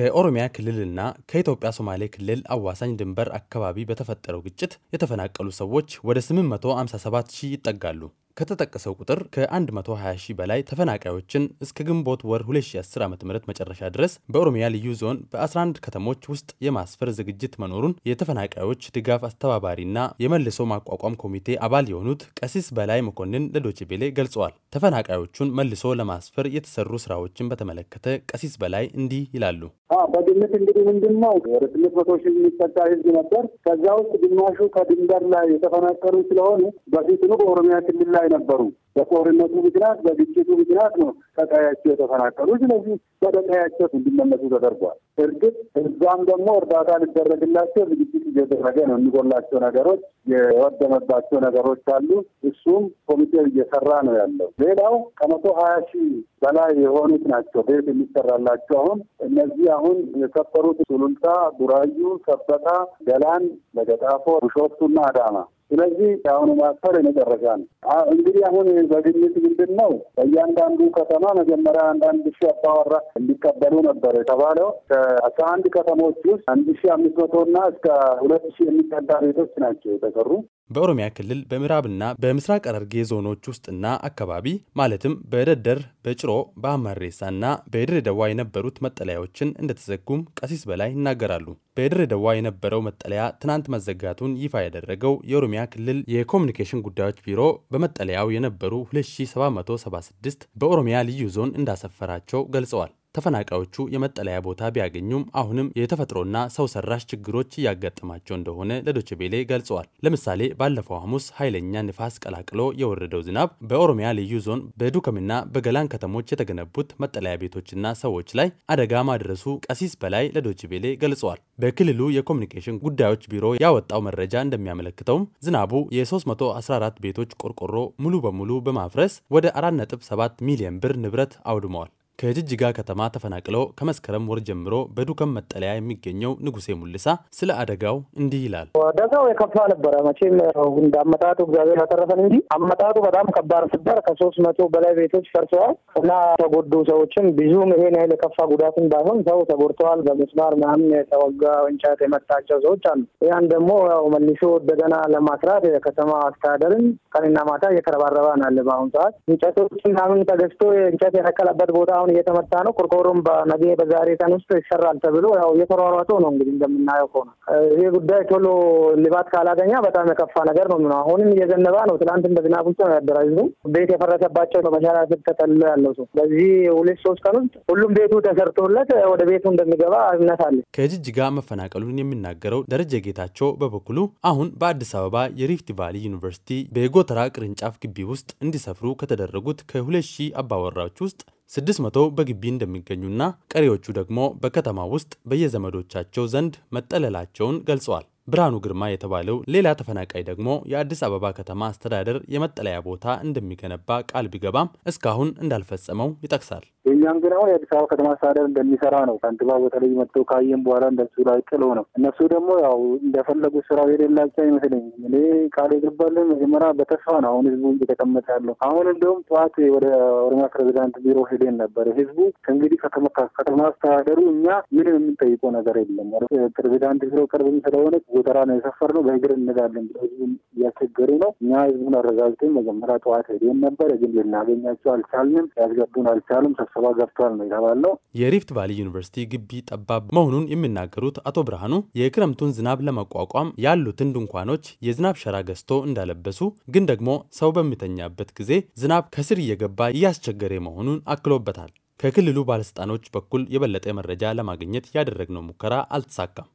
ከኦሮሚያ ክልልና ከኢትዮጵያ ሶማሌ ክልል አዋሳኝ ድንበር አካባቢ በተፈጠረው ግጭት የተፈናቀሉ ሰዎች ወደ 857 ሺህ ይጠጋሉ። ከተጠቀሰው ቁጥር ከ120 ሺህ በላይ ተፈናቃዮችን እስከ ግንቦት ወር 2010 ዓ ም መጨረሻ ድረስ በኦሮሚያ ልዩ ዞን በ11 ከተሞች ውስጥ የማስፈር ዝግጅት መኖሩን የተፈናቃዮች ድጋፍ አስተባባሪና የመልሶ ማቋቋም ኮሚቴ አባል የሆኑት ቀሲስ በላይ መኮንን ለዶችቤሌ ገልጸዋል። ተፈናቃዮቹን መልሶ ለማስፈር የተሰሩ ስራዎችን በተመለከተ ቀሲስ በላይ እንዲህ ይላሉ። በግምት እንግዲህ ምንድን ነው ወደ ስምንት መቶ ሺህ የሚጠጋ ህዝብ ነበር። ከዛ ውስጥ ግማሹ ከድንበር ላይ የተፈናቀሉ ስለሆኑ በፊትኑ በኦሮሚያ ክልል ላይ ነበሩ። በጦርነቱ ምክንያት፣ በግጭቱ ምክንያት ነው ከቀያቸው የተፈናቀሉ። ስለዚህ ወደ ቀያቸው እንዲመለሱ ተደርጓል። እርግጥ እዛም ደግሞ እርዳታ ሊደረግላቸው ዝግጅት እየደረገ ነው። የሚጎላቸው ነገሮች፣ የወደመባቸው ነገሮች አሉ። እሱም ኮሚቴው እየሰራ ነው ያለው። ሌላው ከመቶ ሀያ ሺህ በላይ የሆኑት ናቸው ቤት የሚሰራላቸው አሁን እነዚህ አሁን የሰፈሩት ሱሉልታ፣ ቡራዩ፣ ሰበታ፣ ገላን፣ ለገጣፎ፣ ብሾፍቱና አዳማ ስለዚህ አሁኑ ማሰር የመጨረሻ ነው። እንግዲህ አሁን በግኝት ምንድን ነው በእያንዳንዱ ከተማ መጀመሪያ አንዳንድ ሺ አባወራ እንዲቀበሉ ነበር የተባለው ከአስራ አንድ ከተሞች ውስጥ አንድ ሺ አምስት መቶ እና እስከ ሁለት ሺ የሚጠጋ ቤቶች ናቸው የተሰሩ በኦሮሚያ ክልል በምዕራብና በምስራቅ ሐረርጌ ዞኖች ውስጥና አካባቢ ማለትም በደደር፣ በጭሮ፣ በአመሬሳና ደዋ የነበሩት መጠለያዎችን እንደተዘጉም ቀሲስ በላይ ይናገራሉ። ደዋ የነበረው መጠለያ ትናንት መዘጋቱን ይፋ ያደረገው የኦሮሚያ ክልል የኮሚኒኬሽን ጉዳዮች ቢሮ በመጠለያው የነበሩ 2776 በኦሮሚያ ልዩ ዞን እንዳሰፈራቸው ገልጸዋል። ተፈናቃዮቹ የመጠለያ ቦታ ቢያገኙም አሁንም የተፈጥሮና ሰው ሰራሽ ችግሮች እያጋጠማቸው እንደሆነ ለዶችቤሌ ገልጸዋል። ለምሳሌ ባለፈው ሐሙስ ኃይለኛ ንፋስ ቀላቅሎ የወረደው ዝናብ በኦሮሚያ ልዩ ዞን በዱከምና በገላን ከተሞች የተገነቡት መጠለያ ቤቶችና ሰዎች ላይ አደጋ ማድረሱ ቀሲስ በላይ ለዶችቤሌ ገልጸዋል። በክልሉ የኮሚኒኬሽን ጉዳዮች ቢሮ ያወጣው መረጃ እንደሚያመለክተውም ዝናቡ የ314 ቤቶች ቆርቆሮ ሙሉ በሙሉ በማፍረስ ወደ 4.7 ሚሊዮን ብር ንብረት አውድመዋል። ከጅጅጋ ከተማ ተፈናቅለው ከመስከረም ወር ጀምሮ በዱከም መጠለያ የሚገኘው ንጉሴ ሙልሳ ስለ አደጋው እንዲህ ይላል። አደጋው የከፋ ነበረ። መቼም እንደ አመጣጡ እግዚአብሔር ያተረፈን እንጂ አመጣጡ በጣም ከባድ ነበር። ከሶስት መቶ በላይ ቤቶች ፈርሰዋል እና ተጎዱ ሰዎችም ብዙም ይሄን ያህል የከፋ ጉዳትን ባይሆን ሰው ተጎድተዋል። በመስማር ምናምን የተወጋ እንጨት የመታቸው ሰዎች አሉ። ያን ደግሞ ያው መልሶ እንደገና ለማስራት የከተማ አስተዳደርን ቀንና ማታ እየተረባረባ ናለ። በአሁኑ ሰዓት እንጨቶች ምናምን ተገዝቶ እንጨት የነቀለበት ቦታ አሁን እየተመታ ነው። ቆርቆሮም በነገ በዛሬ ቀን ውስጥ ይሰራል ተብሎ ያው እየተሯሯጡ ነው። እንግዲህ እንደምናየው ከሆነ ይሄ ጉዳይ ቶሎ ልባት ካላገኛ በጣም የከፋ ነገር ነው። ምነ አሁንም እየዘነባ ነው። እንደ ዝናብ ውስጥ ነው ያደረ ህዝቡ። ቤት የፈረሰባቸው ነው ስብ ተጠልሎ ያለው ሰው በዚህ ሁለት ሶስት ቀን ውስጥ ሁሉም ቤቱ ተሰርቶለት ወደ ቤቱ እንደሚገባ እምነት አለ። ከጅጅጋ መፈናቀሉን የሚናገረው ደረጀ ጌታቸው በበኩሉ አሁን በአዲስ አበባ የሪፍት ቫሊ ዩኒቨርሲቲ በጎተራ ቅርንጫፍ ግቢ ውስጥ እንዲሰፍሩ ከተደረጉት ከሁለት ሺህ አባወራዎች ውስጥ 600 በግቢ እንደሚገኙና ቀሪዎቹ ደግሞ በከተማ ውስጥ በየዘመዶቻቸው ዘንድ መጠለላቸውን ገልጸዋል። ብርሃኑ ግርማ የተባለው ሌላ ተፈናቃይ ደግሞ የአዲስ አበባ ከተማ አስተዳደር የመጠለያ ቦታ እንደሚገነባ ቃል ቢገባም እስካሁን እንዳልፈጸመው ይጠቅሳል። የእኛም ግን አሁን የአዲስ አበባ ከተማ አስተዳደር እንደሚሰራ ነው። ከንቲባ በተለይ መጥቶ ካየም በኋላ እንደሱ ላይ ጥለው ነው። እነሱ ደግሞ ያው እንደፈለጉ ስራው የሌላቸው አይመስለኝ። እኔ ቃል የገባልን መጀመሪያ በተስፋ ነው አሁን ህዝቡ እየተቀመጠ ያለው። አሁን እንደውም ጠዋት ወደ ኦሮሚያ ፕሬዚዳንት ቢሮ ሄደን ነበር። ህዝቡ ከእንግዲህ ከተማ አስተዳደሩ እኛ ምንም የምንጠይቀው ነገር የለም ፕሬዚዳንት ቢሮ ቅርብም ስለሆነ ጎተራ ነው የሰፈር ነው በእግር እንዳለን ብሎ ህዝቡን እያስቸገሩ ነው። እኛ ህዝቡን አረጋግጠን መጀመሪያ ጠዋት ሄደን ነበር፣ ግን ልናገኛቸው አልቻልንም። ያስገቡን አልቻሉም። ስብሰባ ገብቷል ነው የተባልነው። የሪፍት ቫሊ ዩኒቨርሲቲ ግቢ ጠባብ መሆኑን የሚናገሩት አቶ ብርሃኑ የክረምቱን ዝናብ ለመቋቋም ያሉትን ድንኳኖች የዝናብ ሸራ ገዝቶ እንዳለበሱ፣ ግን ደግሞ ሰው በሚተኛበት ጊዜ ዝናብ ከስር እየገባ እያስቸገረ መሆኑን አክሎበታል። ከክልሉ ባለስልጣኖች በኩል የበለጠ መረጃ ለማግኘት ያደረግነው ሙከራ አልተሳካም።